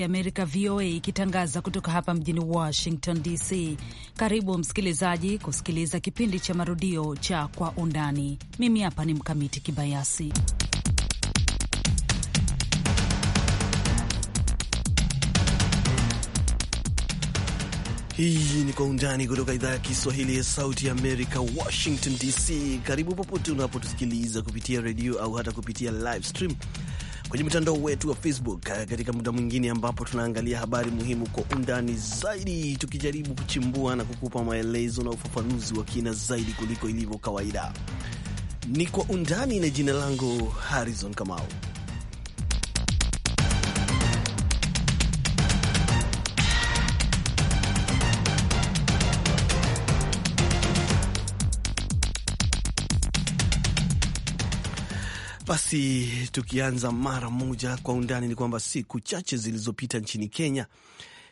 ya Amerika VOA ikitangaza kutoka hapa mjini Washington DC. Karibu msikilizaji kusikiliza kipindi cha marudio cha Kwa Undani. Mimi hapa ni Mkamiti Kibayasi. Hii ni Kwa Undani kutoka idhaa ya Kiswahili ya Sauti ya Amerika, Washington DC. Karibu popote unapotusikiliza kupitia redio au hata kupitia live stream kwenye mtandao wetu wa Facebook eh, katika muda mwingine ambapo tunaangalia habari muhimu kwa undani zaidi, tukijaribu kuchimbua na kukupa maelezo na ufafanuzi wa kina zaidi kuliko ilivyo kawaida. Ni kwa undani na jina langu Harrison Kamau. Basi tukianza mara moja kwa undani, ni kwamba siku chache zilizopita nchini Kenya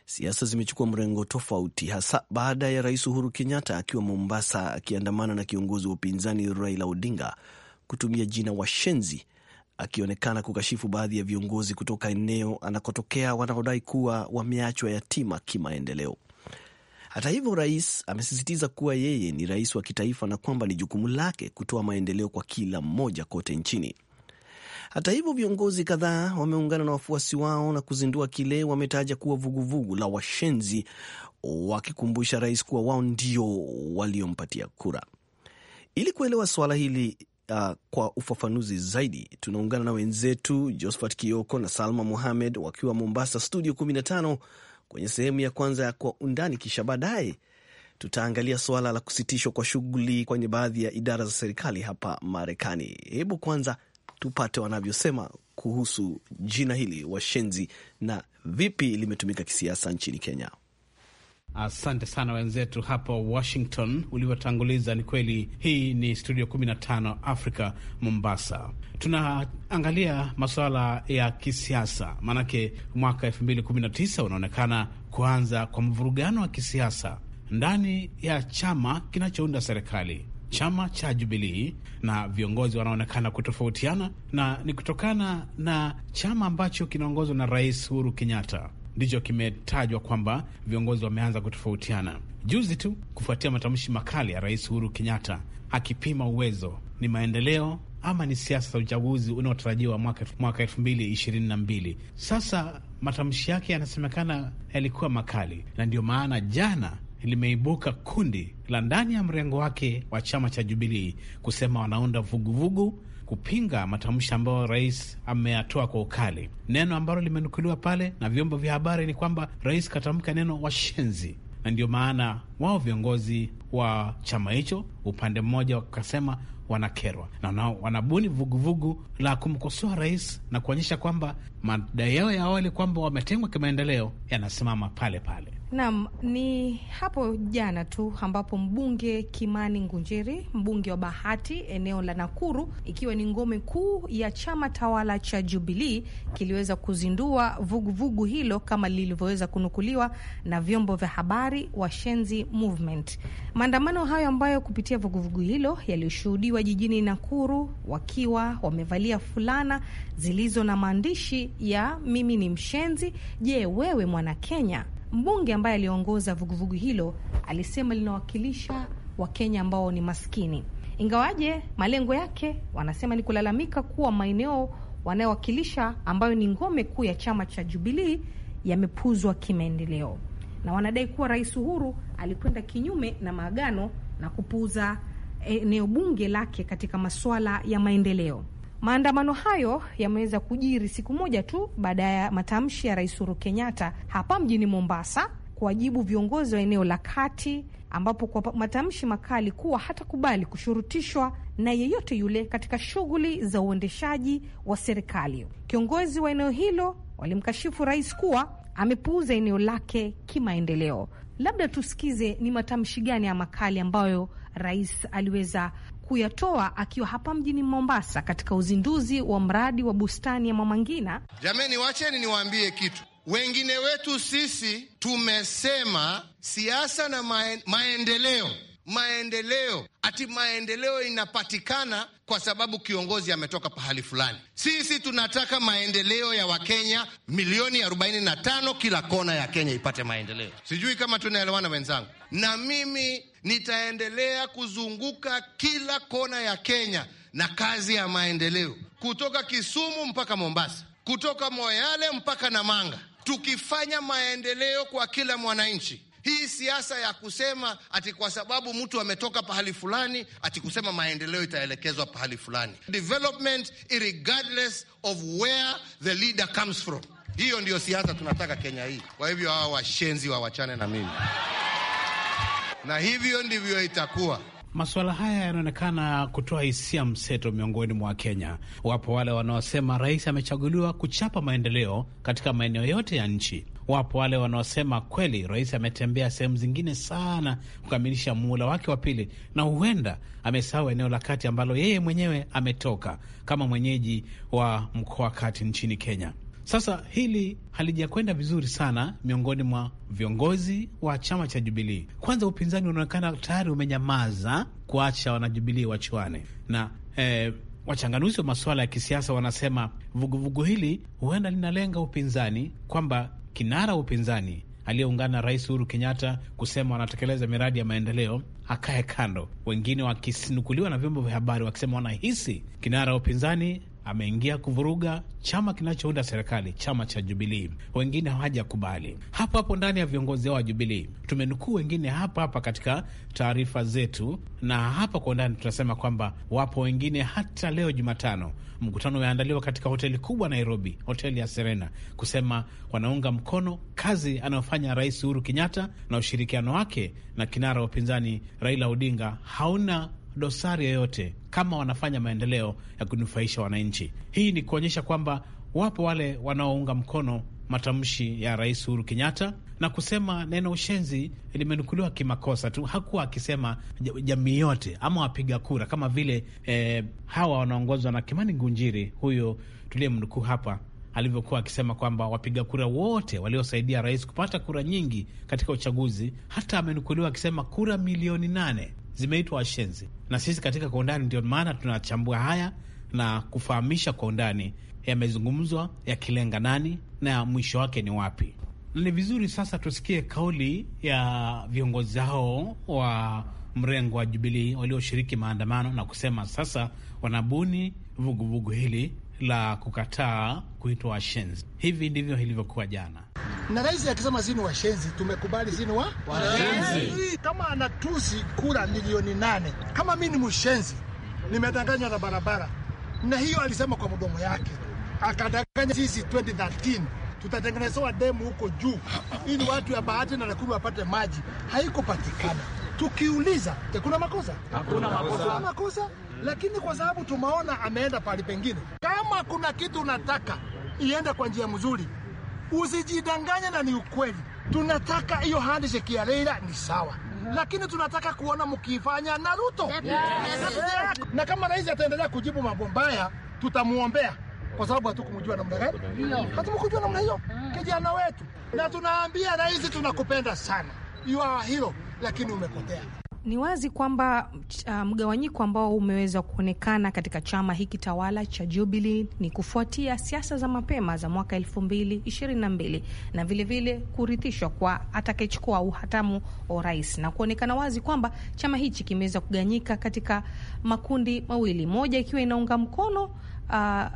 siasa zimechukua mrengo tofauti, hasa baada ya Rais Uhuru Kenyatta akiwa Mombasa akiandamana na kiongozi wa upinzani Raila Odinga kutumia jina washenzi, akionekana kukashifu baadhi ya viongozi kutoka eneo anakotokea wanaodai kuwa wameachwa yatima kimaendeleo. Hata hivyo, rais amesisitiza kuwa yeye ni rais wa kitaifa na kwamba ni jukumu lake kutoa maendeleo kwa kila mmoja kote nchini. Hata hivyo, viongozi kadhaa wameungana na wafuasi wao na kuzindua kile wametaja kuwa vuguvugu la washenzi, wakikumbusha rais kuwa wao ndio waliompatia kura. Ili kuelewa suala hili uh, kwa ufafanuzi zaidi, tunaungana na wenzetu Josphat Kioko na Salma Mohamed wakiwa Mombasa, studio 15 kwenye sehemu ya kwanza ya Kwa Undani, kisha baadaye tutaangalia suala la kusitishwa kwa shughuli kwenye baadhi ya idara za serikali hapa Marekani. Hebu kwanza tupate wanavyosema kuhusu jina hili washenzi na vipi limetumika kisiasa nchini Kenya. Asante sana wenzetu hapo Washington ulivyotanguliza. Ni kweli, hii ni Studio 15 Africa Mombasa. Tunaangalia masuala ya kisiasa, maanake mwaka 2019 unaonekana kuanza kwa mvurugano wa kisiasa ndani ya chama kinachounda serikali chama cha Jubilii na viongozi wanaonekana kutofautiana, na ni kutokana na chama ambacho kinaongozwa na Rais Uhuru Kenyatta ndicho kimetajwa kwamba viongozi wameanza kutofautiana juzi tu, kufuatia matamshi makali ya Rais Uhuru Kenyatta akipima uwezo ni maendeleo ama ni siasa za uchaguzi unaotarajiwa mwaka elfu mbili ishirini na mbili. Sasa matamshi yake yanasemekana yalikuwa makali, na ndio maana jana limeibuka kundi la ndani ya mrengo wake wa chama cha Jubilii kusema wanaunda vuguvugu kupinga matamshi ambayo rais ameyatoa kwa ukali. Neno ambalo limenukuliwa pale na vyombo vya habari ni kwamba rais katamka neno washenzi, na ndio maana wao viongozi wa chama hicho upande mmoja wakasema wanakerwa na wanabuni vuguvugu la kumkosoa rais na kuonyesha kwamba madai yao ya awali kwamba wametengwa kimaendeleo yanasimama pale pale. Naam, ni hapo jana tu ambapo mbunge Kimani Ngunjiri, mbunge wa Bahati, eneo la Nakuru, ikiwa ni ngome kuu ya chama tawala cha Jubilii, kiliweza kuzindua vuguvugu vugu hilo kama lilivyoweza kunukuliwa na vyombo vya habari, Washenzi Movement. Maandamano hayo ambayo kupitia vuguvugu vugu hilo yaliyoshuhudiwa jijini Nakuru, wakiwa wamevalia fulana zilizo na maandishi ya mimi ni mshenzi, je, wewe mwana Kenya? Mbunge ambaye aliongoza vuguvugu hilo alisema linawakilisha Wakenya ambao ni maskini, ingawaje malengo yake wanasema ni kulalamika kuwa maeneo wanayowakilisha ambayo ni ngome kuu ya chama cha Jubilii yamepuzwa kimaendeleo, na wanadai kuwa Rais Uhuru alikwenda kinyume na maagano na kupuuza eneo bunge lake katika masuala ya maendeleo. Maandamano hayo yameweza kujiri siku moja tu baada ya matamshi ya Rais Uhuru Kenyatta hapa mjini Mombasa kuwajibu viongozi wa eneo la kati ambapo kwa matamshi makali kuwa hatakubali kushurutishwa na yeyote yule katika shughuli za uendeshaji wa serikali. Kiongozi wa eneo hilo walimkashifu rais kuwa amepuuza eneo lake kimaendeleo. Labda tusikize ni matamshi gani ya makali ambayo rais aliweza kuyatoa akiwa hapa mjini Mombasa katika uzinduzi wa mradi wa bustani ya Mama Ngina. Jameni, wacheni niwaambie kitu. Wengine wetu sisi tumesema siasa na maendeleo maendeleo. Ati maendeleo inapatikana kwa sababu kiongozi ametoka pahali fulani. Sisi tunataka maendeleo ya Wakenya milioni 45, kila kona ya Kenya ipate maendeleo. Sijui kama tunaelewana wenzangu, na mimi nitaendelea kuzunguka kila kona ya Kenya na kazi ya maendeleo, kutoka Kisumu mpaka Mombasa, kutoka Moyale mpaka Namanga, tukifanya maendeleo kwa kila mwananchi hii siasa ya kusema ati kwa sababu mtu ametoka pahali fulani ati kusema maendeleo itaelekezwa pahali fulani, development irregardless of where the leader comes from. Hiyo ndiyo siasa tunataka Kenya hii. Kwa hivyo hawa washenzi wawachane na mimi, na hivyo ndivyo itakuwa. Masuala haya yanaonekana kutoa hisia mseto miongoni mwa Wakenya. Wapo wale wanaosema rais amechaguliwa kuchapa maendeleo katika maeneo yote ya nchi. Wapo wale wanaosema kweli rais ametembea sehemu zingine sana kukamilisha muhula wake wa pili, na huenda amesahau eneo la kati ambalo yeye mwenyewe ametoka kama mwenyeji wa mkoa kati nchini Kenya. Sasa hili halijakwenda vizuri sana miongoni mwa viongozi wa chama cha Jubilii. Kwanza upinzani unaonekana tayari umenyamaza kuacha wanajubilii wachuane na eh, wachanganuzi wa masuala ya kisiasa wanasema vuguvugu vugu hili huenda linalenga upinzani, kwamba kinara wa upinzani aliyeungana na Rais Uhuru Kenyatta kusema wanatekeleza miradi ya maendeleo akae kando, wengine wakisinukuliwa na vyombo vya habari wakisema wanahisi kinara wa upinzani ameingia kuvuruga chama kinachounda serikali, chama cha Jubilii. Wengine hawajakubali hapo hapo ndani ya viongozi hao wa Jubilii. Tumenukuu wengine hapa hapa katika taarifa zetu, na hapa kwa undani tunasema kwamba wapo wengine hata leo Jumatano, mkutano umeandaliwa katika hoteli kubwa Nairobi, hoteli ya Serena, kusema wanaunga mkono kazi anayofanya Rais Uhuru Kenyatta na ushirikiano wake na kinara wa upinzani Raila Odinga hauna dosari yoyote kama wanafanya maendeleo ya kunufaisha wananchi. Hii ni kuonyesha kwamba wapo wale wanaounga mkono matamshi ya Rais Uhuru Kenyatta na kusema neno ushenzi limenukuliwa kimakosa tu. Hakuwa akisema jamii yote ama wapiga kura kama vile eh, hawa wanaongozwa na Kimani Ngunjiri, huyo mnukuu hapa alivyokuwa akisema kwamba wapiga kura wote waliosaidia rais kupata kura nyingi katika uchaguzi. Hata amenukuliwa akisema kura milioni nane zimeitwa washenzi, na sisi katika Kwa Undani ndio maana tunachambua haya na kufahamisha kwa undani yamezungumzwa yakilenga nani na mwisho wake ni wapi. Na ni vizuri sasa tusikie kauli ya viongozi hao wa mrengo wa Jubilii walioshiriki maandamano na kusema sasa wanabuni vuguvugu hili la kukataa kuitwa washenzi. Hivi ndivyo ilivyokuwa jana, na rais akisema zinu washenzi, tumekubali zinu wa washenzi. Kama anatusi kura milioni nane, kama mi ni mshenzi, nimedanganywa na barabara, na hiyo alisema kwa mdomo yake, akadanganya sisi 2013 tutatengenezewa demu huko juu ili watu ya Bahati na Nakuru wapate maji, haikupatikana. Tukiuliza, kuna makosa? Hakuna makosa lakini kwa sababu tumeona ameenda pahali pengine. Kama kuna kitu unataka iende kwa njia mzuri, usijidanganye, na ni ukweli. Tunataka hiyo handshake ya Raila ni sawa, lakini tunataka kuona mkifanya na Ruto. Na kama rais ataendelea kujibu mambo mbaya, tutamuombea kwa sababu hatukumjua namna gani, hatukumjua namna hiyo hmm. kijana wetu, na tunaambia rais, tunakupenda sana, you are a hero, lakini umepotea. Ni wazi kwamba uh, mgawanyiko ambao umeweza kuonekana katika chama hiki tawala cha Jubili ni kufuatia siasa za mapema za mwaka elfu mbili ishirini na mbili na vilevile kurithishwa kwa atakayechukua uhatamu wa urais na kuonekana wazi kwamba chama hichi kimeweza kuganyika katika makundi mawili, moja ikiwa inaunga mkono uh,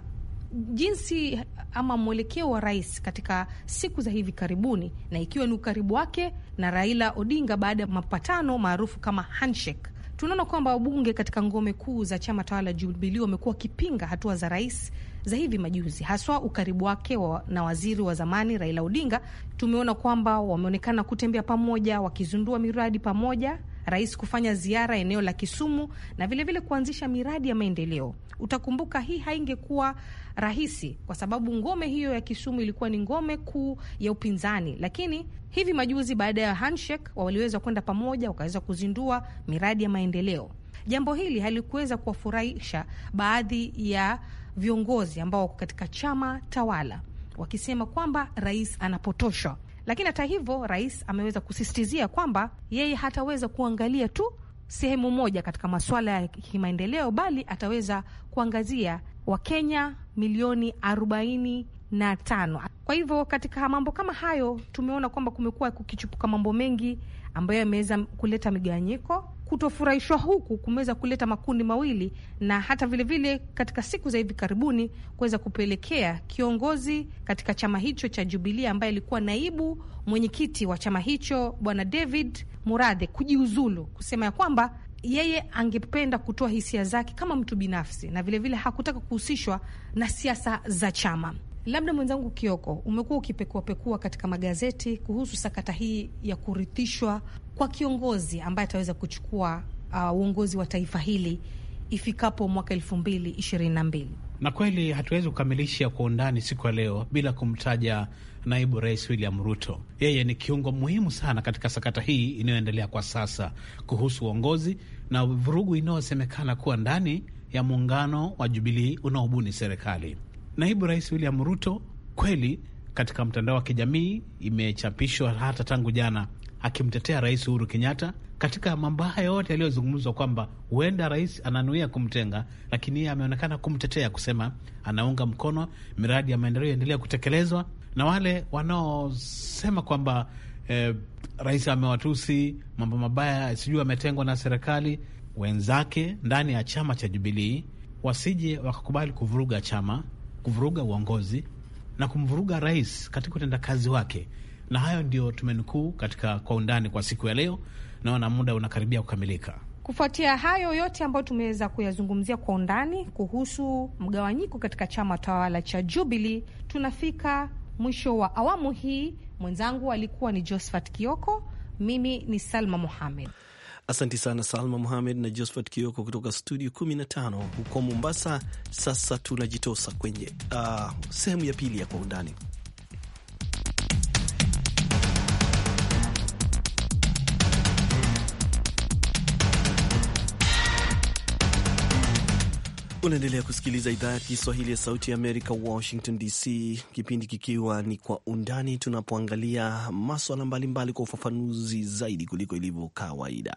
jinsi ama mwelekeo wa rais katika siku za hivi karibuni, na ikiwa ni ukaribu wake na Raila Odinga baada ya mapatano maarufu kama handshake. Tunaona kwamba wabunge katika ngome kuu za chama tawala Jubilii wamekuwa wakipinga hatua za rais za hivi majuzi, haswa ukaribu wake wa na waziri wa zamani Raila Odinga. Tumeona kwamba wameonekana kutembea pamoja, wakizundua miradi pamoja rais kufanya ziara eneo la Kisumu na vilevile vile kuanzisha miradi ya maendeleo. Utakumbuka hii haingekuwa rahisi kwa sababu ngome hiyo ya Kisumu ilikuwa ni ngome kuu ya upinzani, lakini hivi majuzi baada ya handshake waliweza kwenda pamoja, wakaweza kuzindua miradi ya maendeleo. Jambo hili halikuweza kuwafurahisha baadhi ya viongozi ambao wako katika chama tawala, wakisema kwamba rais anapotoshwa lakini hata hivyo, rais ameweza kusisitizia kwamba yeye hataweza kuangalia tu sehemu moja katika masuala ya kimaendeleo, bali ataweza kuangazia Wakenya milioni arobaini na tano. Kwa hivyo katika mambo kama hayo tumeona kwamba kumekuwa kukichupuka mambo mengi ambayo yameweza kuleta migawanyiko kutofurahishwa huku kumeweza kuleta makundi mawili na hata vilevile vile katika siku za hivi karibuni kuweza kupelekea kiongozi katika chama hicho cha jubilia ambaye alikuwa naibu mwenyekiti wa chama hicho Bwana David Muradhe kujiuzulu, kusema ya kwamba yeye angependa kutoa hisia zake kama mtu binafsi na vilevile vile hakutaka kuhusishwa na siasa za chama. Labda mwenzangu Kioko, umekuwa ukipekuapekua katika magazeti kuhusu sakata hii ya kurithishwa kwa kiongozi ambaye ataweza kuchukua uh, uongozi wa taifa hili ifikapo mwaka elfu mbili ishirini na mbili. Na kweli hatuwezi kukamilisha kwa undani siku ya leo bila kumtaja naibu rais William Ruto. Yeye ni kiungo muhimu sana katika sakata hii inayoendelea kwa sasa kuhusu uongozi na vurugu inayosemekana kuwa ndani ya muungano wa Jubilii unaobuni serikali. Naibu rais William Ruto kweli, katika mtandao wa kijamii imechapishwa hata tangu jana akimtetea Rais Uhuru Kenyatta katika mambo haya yote yaliyozungumzwa, kwamba huenda rais ananuia kumtenga, lakini yeye ameonekana kumtetea, kusema anaunga mkono miradi ya maendeleo yaendelea kutekelezwa. Na wale wanaosema kwamba eh, rais amewatusi mambo mabaya, sijui ametengwa na serikali, wenzake ndani ya chama cha Jubilii wasije wakakubali kuvuruga chama, kuvuruga uongozi na kumvuruga rais katika utendakazi wake. Na hayo ndio tumenukuu katika Kwa Undani kwa siku ya leo. Naona muda unakaribia kukamilika. Kufuatia hayo yote ambayo tumeweza kuyazungumzia kwa undani kuhusu mgawanyiko katika chama tawala cha Jubili, tunafika mwisho wa awamu hii. Mwenzangu alikuwa ni Josphat Kioko, mimi ni Salma Muhamed. Asanti sana Salma Muhamed na Josphat Kioko kutoka studio 15 huko Mombasa. Sasa tunajitosa kwenye uh, sehemu ya pili ya kwa undani. Unaendelea kusikiliza idhaa ya Kiswahili ya Sauti ya Amerika, Washington DC, kipindi kikiwa ni Kwa Undani, tunapoangalia maswala mbalimbali kwa ufafanuzi zaidi kuliko ilivyo kawaida.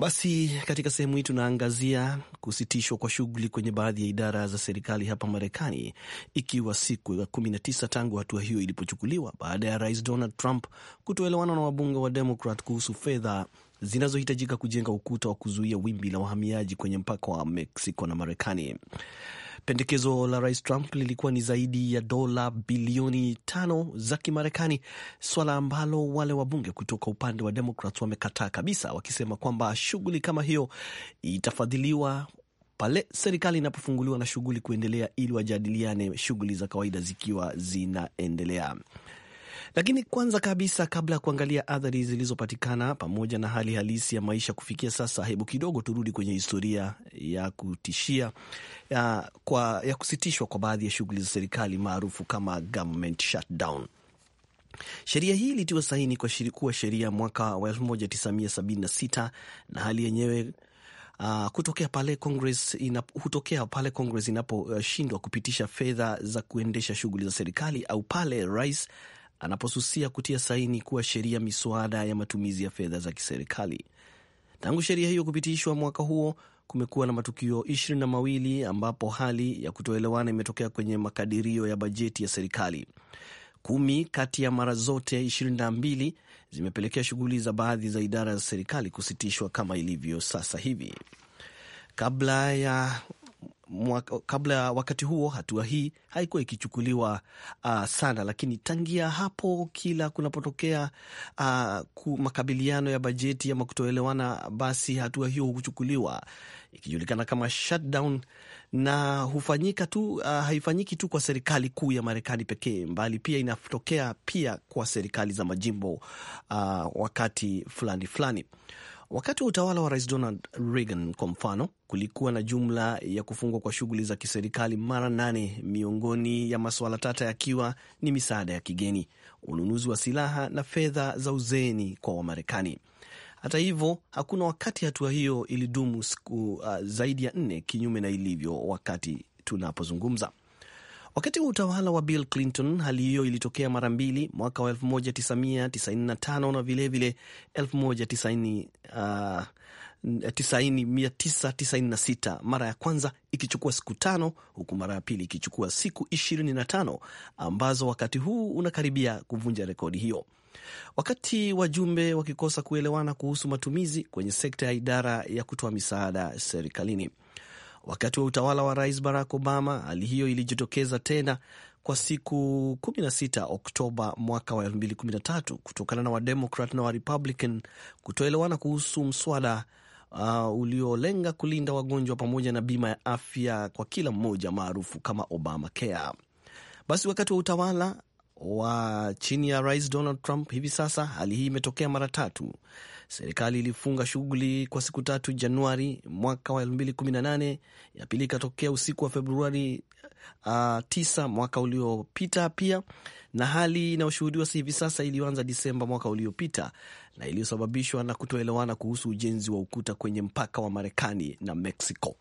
Basi katika sehemu hii tunaangazia kusitishwa kwa shughuli kwenye baadhi ya idara za serikali hapa Marekani, ikiwa siku ya 19 tangu hatua hiyo ilipochukuliwa baada ya Rais Donald Trump kutoelewana na wabunge wa Demokrat kuhusu fedha zinazohitajika kujenga ukuta wa kuzuia wimbi la wahamiaji kwenye mpaka wa Meksiko na Marekani. Pendekezo la Rais Trump lilikuwa ni zaidi ya dola bilioni tano za Kimarekani, swala ambalo wale wabunge kutoka upande wa Democrats wamekataa kabisa, wakisema kwamba shughuli kama hiyo itafadhiliwa pale serikali inapofunguliwa na shughuli kuendelea, ili wajadiliane, shughuli za kawaida zikiwa zinaendelea. Lakini kwanza kabisa, kabla ya kuangalia athari zilizopatikana pamoja na hali halisi ya maisha kufikia sasa, hebu kidogo turudi kwenye historia ya kutishia ya, kwa, ya kusitishwa kwa baadhi ya shughuli za serikali maarufu kama government shutdown. Sheria hii ilitiwa saini kwa kuwa sheria mwaka wa 1976 na hali yenyewe Uh, kutokea pale Congress hutokea pale Congress inaposhindwa uh, kupitisha fedha za kuendesha shughuli za serikali au pale rais anaposusia kutia saini kuwa sheria miswada ya matumizi ya fedha za kiserikali. Tangu sheria hiyo kupitishwa mwaka huo, kumekuwa na matukio ishirini na mawili ambapo hali ya kutoelewana imetokea kwenye makadirio ya bajeti ya serikali. Kumi kati ya mara zote ishirini na mbili zimepelekea shughuli za baadhi za idara za serikali kusitishwa kama ilivyo sasa hivi. Kabla ya mwaka, kabla wakati huo hatua hii haikuwa ikichukuliwa uh, sana, lakini tangia hapo kila kunapotokea uh, makabiliano ya bajeti ama kutoelewana, basi hatua hiyo huchukuliwa ikijulikana kama shutdown na hufanyika tu uh, haifanyiki tu kwa serikali kuu ya Marekani pekee, mbali pia inatokea pia kwa serikali za majimbo uh, wakati fulani fulani. Wakati wa utawala wa Rais Donald Reagan, kwa mfano, kulikuwa na jumla ya kufungwa kwa shughuli za kiserikali mara nane, miongoni ya masuala tata yakiwa ni misaada ya kigeni, ununuzi wa silaha na fedha za uzeeni kwa Wamarekani. Hata hivyo, hakuna wakati hatua hiyo ilidumu siku uh, zaidi ya nne, kinyume na ilivyo wakati tunapozungumza. Wakati wa utawala wa Bill Clinton hali hiyo ilitokea mara mbili, mwaka wa 1995 na vilevile 1996, uh, mara ya kwanza ikichukua siku tano huku mara ya pili ikichukua siku 25 ambazo wakati huu unakaribia kuvunja rekodi hiyo. Wakati wajumbe wakikosa kuelewana kuhusu matumizi kwenye sekta ya idara ya kutoa misaada serikalini. Wakati wa utawala wa Rais Barack Obama, hali hiyo ilijitokeza tena kwa siku 16 Oktoba mwaka wa 2013 kutokana na Wademokrat na Warepublican kutoelewana kuhusu mswada uh, uliolenga kulinda wagonjwa pamoja na bima ya afya kwa kila mmoja maarufu kama Obamacare. Basi wakati wa utawala wa chini ya Rais Donald Trump hivi sasa hali hii imetokea mara tatu Serikali ilifunga shughuli kwa siku tatu Januari mwaka wa 2018, ya pili ikatokea usiku wa Februari uh, tisa mwaka uliopita pia, na hali inayoshuhudiwa hivi sasa iliyoanza Disemba mwaka uliopita na iliyosababishwa na kutoelewana kuhusu ujenzi wa ukuta kwenye mpaka wa Marekani na Mexico.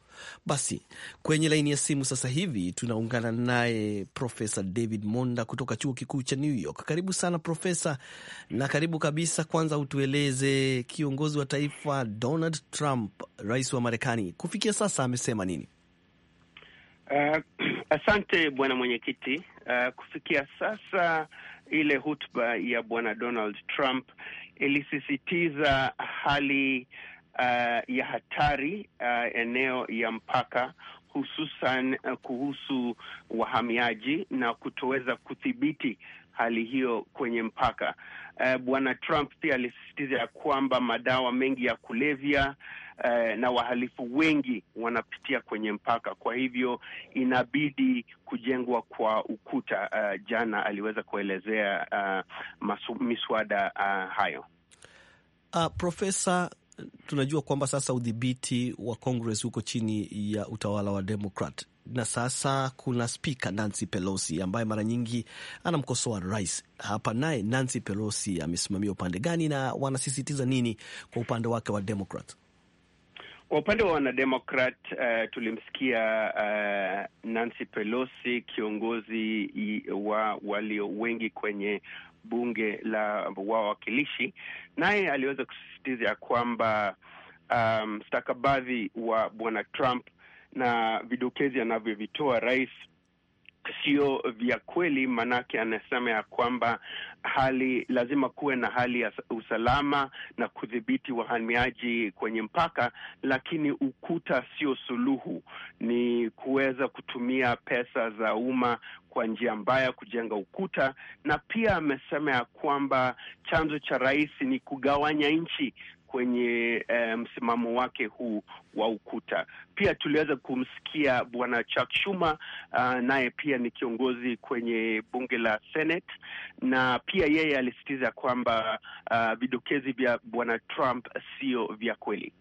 Basi kwenye laini ya simu sasa hivi tunaungana naye Profesa David Monda kutoka chuo kikuu cha New York. Karibu sana Profesa, na karibu kabisa. Kwanza utueleze, kiongozi wa taifa Donald Trump, rais wa Marekani, kufikia sasa amesema nini? Uh, Asante bwana mwenyekiti. Uh, kufikia sasa ile hutuba ya bwana Donald Trump ilisisitiza hali uh, ya hatari uh, eneo ya mpaka hususan uh, kuhusu wahamiaji na kutoweza kudhibiti hali hiyo kwenye mpaka. Uh, bwana Trump pia alisisitiza ya kwamba madawa mengi ya kulevya eh, na wahalifu wengi wanapitia kwenye mpaka. Kwa hivyo inabidi kujengwa kwa ukuta. Uh, jana aliweza kuelezea uh, masu, miswada uh, hayo. Uh, Profesa, tunajua kwamba sasa udhibiti wa Congress huko chini ya utawala wa Democrat na sasa kuna spika Nancy Pelosi ambaye mara nyingi anamkosoa rais. Hapa naye Nancy Pelosi amesimamia upande gani na wanasisitiza nini kwa upande wake wa Democrat? Kwa upande wa wanademokrat uh, tulimsikia uh, Nancy Pelosi, kiongozi wa walio wengi kwenye bunge la wawakilishi, naye aliweza kusisitiza ya kwamba um, stakabadhi wa bwana Trump na vidokezi anavyovitoa rais sio vya kweli, maanake anasema ya kwamba hali lazima kuwe na hali ya usalama na kudhibiti wahamiaji kwenye mpaka, lakini ukuta sio suluhu, ni kuweza kutumia pesa za umma kwa njia mbaya kujenga ukuta. Na pia amesema ya kwamba chanzo cha rais ni kugawanya nchi kwenye msimamo wake huu wa ukuta. Pia tuliweza kumsikia bwana Chuck Schumer, uh, naye pia ni kiongozi kwenye bunge la Senate, na pia yeye alisitiza kwamba uh, vidokezi vya bwana Trump sio vya kweli.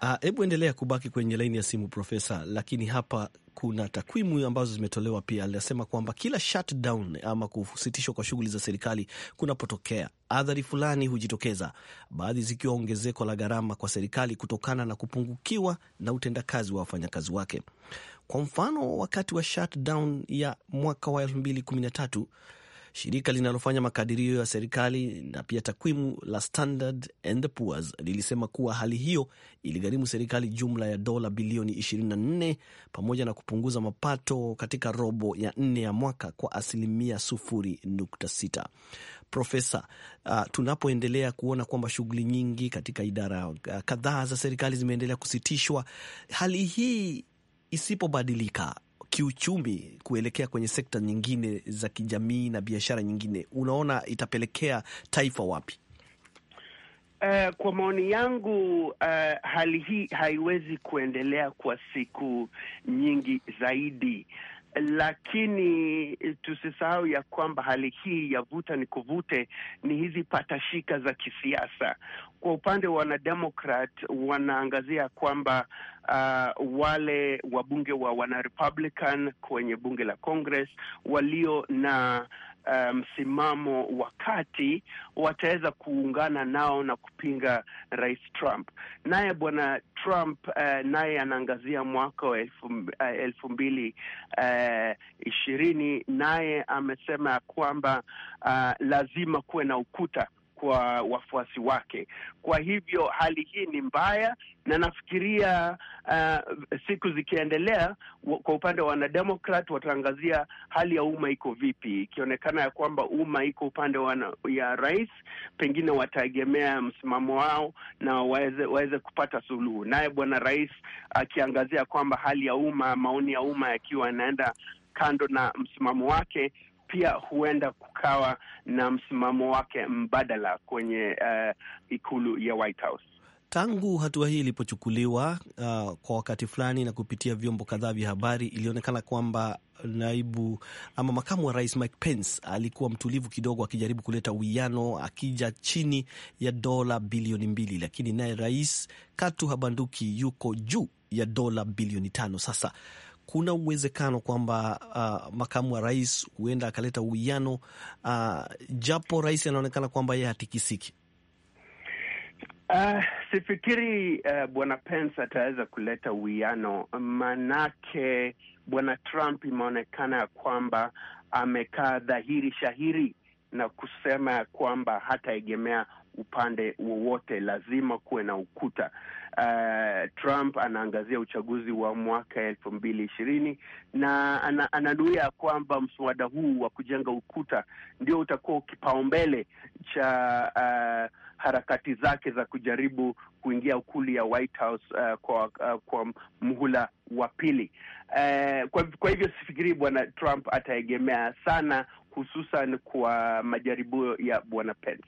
Ah, hebu uh, endelea kubaki kwenye laini ya simu Profesa, lakini hapa kuna takwimu ambazo zimetolewa pia. linasema kwamba kila shutdown ama kusitishwa kwa shughuli za serikali kunapotokea, athari fulani hujitokeza, baadhi zikiwa ongezeko la gharama kwa serikali kutokana na kupungukiwa na utendakazi wa wafanyakazi wake. Kwa mfano, wakati wa shutdown ya mwaka wa 2013 Shirika linalofanya makadirio ya serikali na pia takwimu la Standard and Poor's lilisema kuwa hali hiyo iligharimu serikali jumla ya dola bilioni 24 pamoja na kupunguza mapato katika robo ya nne ya mwaka kwa asilimia 0.6. Profesa, uh, tunapoendelea kuona kwamba shughuli nyingi katika idara uh, kadhaa za serikali zimeendelea kusitishwa, hali hii isipobadilika kiuchumi kuelekea kwenye sekta nyingine za kijamii na biashara nyingine, unaona itapelekea taifa wapi? Uh, kwa maoni yangu uh, hali hii haiwezi kuendelea kwa siku nyingi zaidi lakini eh, tusisahau ya kwamba hali hii ya vuta ni kuvute ni hizi patashika za kisiasa. Kwa upande wa wanademokrat wanaangazia kwamba uh, wale wabunge wa wanarepublican kwenye bunge la Congress walio na Um, msimamo um, wa kati wataweza kuungana nao na kupinga Rais Trump. Naye bwana Trump uh, naye anaangazia mwaka wa elfu, uh, elfu mbili uh, ishirini, naye amesema ya kwamba uh, lazima kuwe na ukuta kwa wafuasi wake. Kwa hivyo hali hii ni mbaya, na nafikiria uh, siku zikiendelea, kwa upande wa wanademokrat wataangazia hali ya umma iko vipi, ikionekana ya kwamba umma iko upande wana, ya rais, pengine wataegemea msimamo wao na waweze, waweze kupata suluhu, naye bwana rais akiangazia kwamba hali ya umma, maoni ya umma yakiwa yanaenda kando na msimamo wake pia huenda kukawa na msimamo wake mbadala kwenye uh, ikulu ya White House. Tangu hatua hii ilipochukuliwa uh, kwa wakati fulani na kupitia vyombo kadhaa vya habari, ilionekana kwamba naibu ama makamu wa rais Mike Pence alikuwa mtulivu kidogo, akijaribu kuleta uwiano, akija chini ya dola bilioni mbili, lakini naye rais katu habanduki, yuko juu ya dola bilioni tano. Sasa kuna uwezekano kwamba uh, makamu wa rais huenda akaleta uwiano uh, japo rais anaonekana kwamba yeye hatikisiki. Uh, sifikiri uh, bwana Pence ataweza kuleta uwiano, manake bwana Trump imeonekana ya kwamba amekaa dhahiri shahiri na kusema ya kwamba hataegemea upande wowote, lazima kuwe na ukuta uh, Trump anaangazia uchaguzi wa mwaka elfu mbili ishirini na ana, ananuia kwamba mswada huu wa kujenga ukuta ndio utakuwa kipaumbele cha uh, harakati zake za kujaribu kuingia ukuli ya White House uh, kwa, uh, kwa mhula wa pili uh, kwa, kwa hivyo sifikirii bwana Trump ataegemea sana hususan kwa majaribio ya bwana Pence.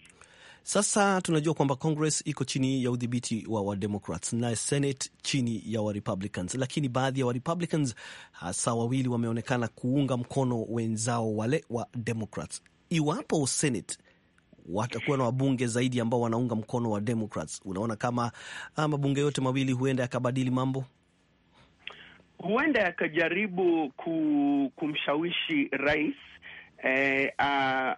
Sasa tunajua kwamba Congress iko chini ya udhibiti wa Wademocrats na Senate chini ya Warepublicans, lakini baadhi ya Warepublicans hasa wawili wameonekana kuunga mkono wenzao wale wa Democrats. Iwapo Senate watakuwa na wabunge zaidi ambao wanaunga mkono wa Democrats, unaona kama ah, mabunge yote mawili huenda yakabadili mambo huenda yakajaribu kumshawishi rais E,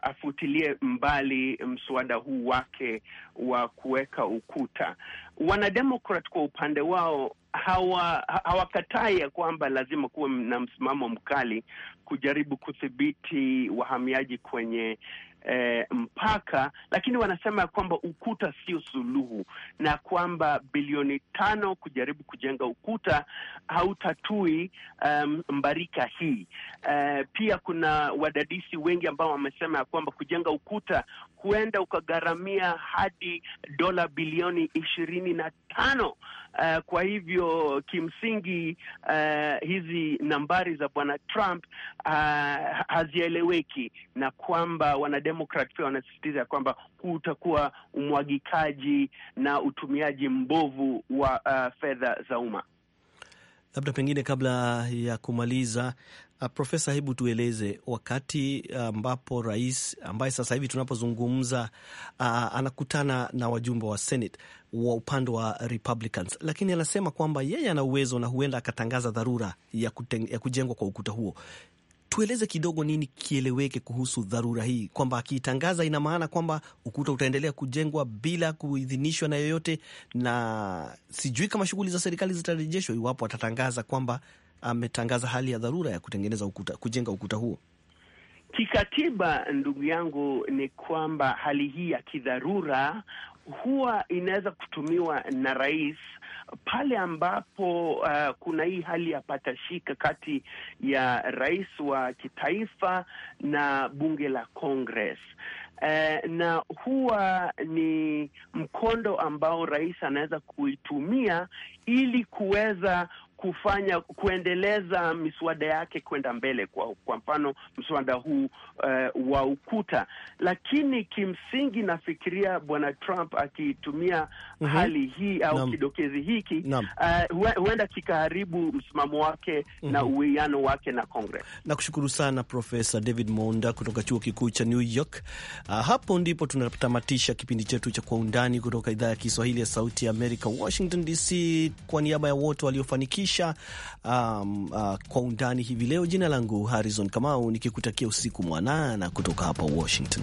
afutilie mbali mswada huu wake wa kuweka ukuta. Wanademokrat kwa upande wao hawa hawakatai ya kwamba lazima kuwe na msimamo mkali kujaribu kudhibiti wahamiaji kwenye eh, mpaka, lakini wanasema ya kwamba ukuta sio suluhu na kwamba bilioni tano kujaribu kujenga ukuta hautatui um, mbarika hii. Eh, pia kuna wadadisi wengi ambao wamesema ya kwamba kujenga ukuta huenda ukagharamia hadi dola bilioni ishirini na tano. Uh, kwa hivyo kimsingi uh, hizi nambari za bwana Trump uh, hazieleweki, na kwamba wanademokrat pia wanasisitiza kwamba huu utakuwa umwagikaji na utumiaji mbovu wa uh, fedha za umma. Labda pengine kabla ya kumaliza Uh, Profesa, hebu tueleze wakati uh, ambapo uh, rais ambaye sasa hivi tunapozungumza uh, anakutana na wajumbe wa Senate wa upande wa Republicans, lakini anasema kwamba yeye ana uwezo na huenda akatangaza dharura ya, ya kujengwa kwa ukuta huo. Tueleze kidogo nini kieleweke kuhusu dharura hii, kwamba akiitangaza ina maana kwamba ukuta utaendelea kujengwa bila kuidhinishwa na yoyote, na sijui kama shughuli za serikali zitarejeshwa iwapo atatangaza kwamba ametangaza hali ya dharura ya kutengeneza ukuta, kujenga ukuta huo? Kikatiba, ndugu yangu, ni kwamba hali hii ya kidharura huwa inaweza kutumiwa na rais pale ambapo uh, kuna hii hali ya patashika kati ya rais wa kitaifa na bunge la Congress. Uh, na huwa ni mkondo ambao rais anaweza kuitumia ili kuweza kufanya kuendeleza miswada yake kwenda mbele, kwa kwa mfano mswada huu uh, wa ukuta. Lakini kimsingi nafikiria bwana Trump akitumia mm -hmm. hali hii au Nam. kidokezi hiki uh, huenda kikaharibu msimamo wake mm -hmm. na mhm. uwiano wake na Congress. Nakushukuru sana Profesa David Monda kutoka chuo kikuu cha New York. Uh, hapo ndipo tunatamatisha kipindi chetu cha Kwa Undani kutoka idhaa ya Kiswahili ya Sauti ya Amerika, Washington DC. Kwa niaba ya wote waliofanikisha tunakamilisha um, uh, kwa undani hivi leo. Jina langu Harrison Kamau nikikutakia usiku mwanana kutoka hapa Washington.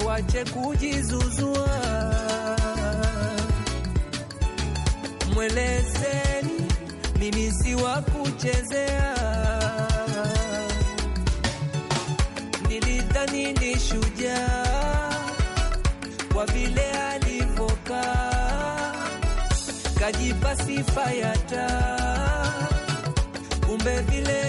awache kujizuzua, mwelezeni mimi si wa kuchezea. Nilidhani ni shujaa kwa vile alivokaa kajipa sifa ya taa, kumbe vile